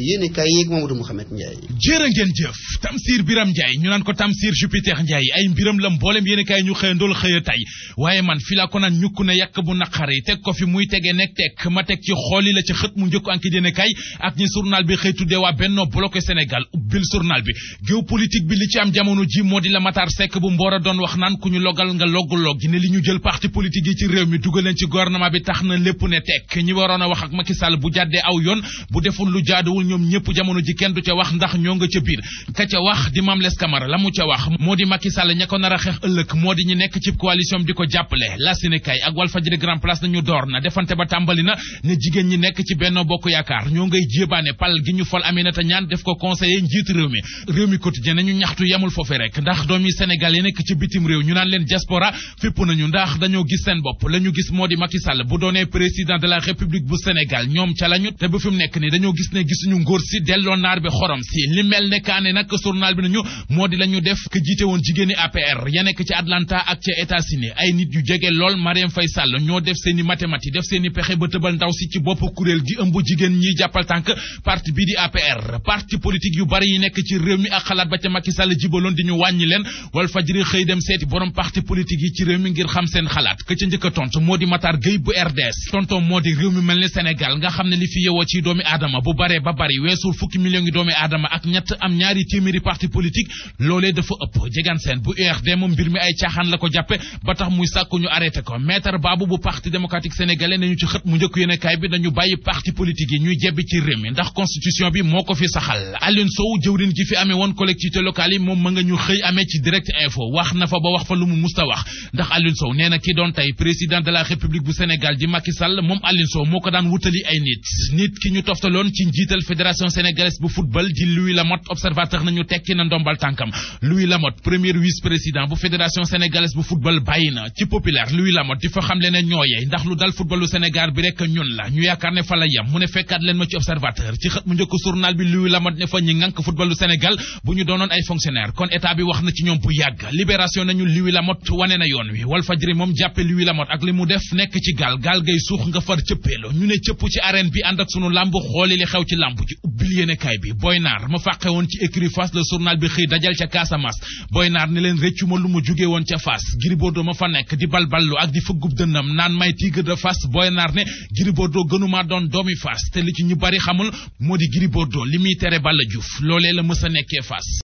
yéene kaay yeeg Mamadou Mouhamed Ndiaye jërë ngeen jëf Tamsir Biram Ndiaye ñu naan ko Tamsir Jupiter Ndiaye ay mbiram la mboolem yéene kaay ñu xëyandool xëya tay waaye man fi laa ko ñukk na yàq bu naqari teg ko fi muy tegee nekk teg ma teg ci xooli ci xët mu njëkk anki yéene kaay ak ñi journal bi xëy tuddee waa Benno Bloc Sénégal ubbil journal bi géopolitique bi li ci am jamono ji moo di la Matar Seck bu mboor a doon wax naan ku ñu logal nga loggu log ne li ñu jël parti politique yi ci réew mi dugal ci gouvernement bi tax na lépp ne tekk ñi waroon a wax ak Macky bu jàddee aw yoon bu deful lu jaaduwul ñoom ñëpp jamono ji kenn du ca wax ndax ñoo nga ca biir ka ca wax di Mame Less la mu ca wax moo di Macky Sall ko nar a xeex ëllëg moo di ñu nekk ci coalition bi di njiitu réew mi réew mi quotidien nañu ñaxtu yemul foofe rek ndax doomi Sénégal yi nekk ci bitim réew ñu naan leen diaspora fépp nañu ndax dañoo gis seen bopp la gis moo di Macky Sall bu doonee président de la République bu Sénégal ñoom ca lañu te bu fi nekk ni dañoo gis ne gisuñu ngóor delloo naar bi xorom si li mel ne kaane nag bi nañu moo di la def ke woon jigéeni APR ya nekk ci Atlanta ak ca États-Unis ay nit yu jege lool Marième Faye yi nekk ci réew mi ak xalaat ba ca Macky Sall jibaloon di ñu wàññi leen Walf Fadjri xëy dem seeti borom parti politique yi ci réew mi ngir xam seen xalaat ka njëkk a moo di Matar Gueye bu RDS tonton moo di réew mi mel ni Sénégal nga xam ne li fi yewoo ci doomi aadama bu bare ba bari weesul fukki millions yi doomi aadama ak ñett am ñaari téeméeri parti politique loolee dafa ëpp jegaan seen bu URD moom mbir mi ay caaxaan la ko jàppe ba tax muy sàkku jëwrin ji fi amee woon collectivité locale yi moom ma nga ñu xëy amee ci direct info wax na fa ba wax fa lu mu musta wax ndax Alioune Sow ki doon tey président de la république bu Sénégal di Macky moom Alioune moo ko daan wutali ay nit nit ki ñu toftaloon ci njiital fédération sénégalaise bu football di Louis Lamotte observateur nañu tekki na ndombal tànkam Louis Lamotte premier vice président bu fédération sénégalaise bu football bàyyi na ci populaire Louis footballu Sénégal bu ñu doonoon ay fonctionnaire kon état bi wax na ci ñoom bu yàgg libération nañu Louis Lamotte wane na yoon wi Walfadjri moom jàppe Louis ak li mu def nekk ci gaal gaal gay suux nga far cëppeelo ñu ne cëpp ci arène bi ànd ak sunu làmb xooli li xew ci làmb ji ubbil yéenekaay bi Boy Nar ma fàqe woon ci écrit Fass le journal bi xëy dajal ca Casamance Boy Nar ni leen réccu ma lu ma jugee woon ca Fass Gris do ma fa nekk di balballu ak di fëggub dënnam naan may tigre de Fass Boy ne Gris Bordeaux gënumaa doon doomi Fass te li ci ñu bari xamul moo di Gris Bordeaux li muy tere Balla Diouf loolee la mës a nekkee Fass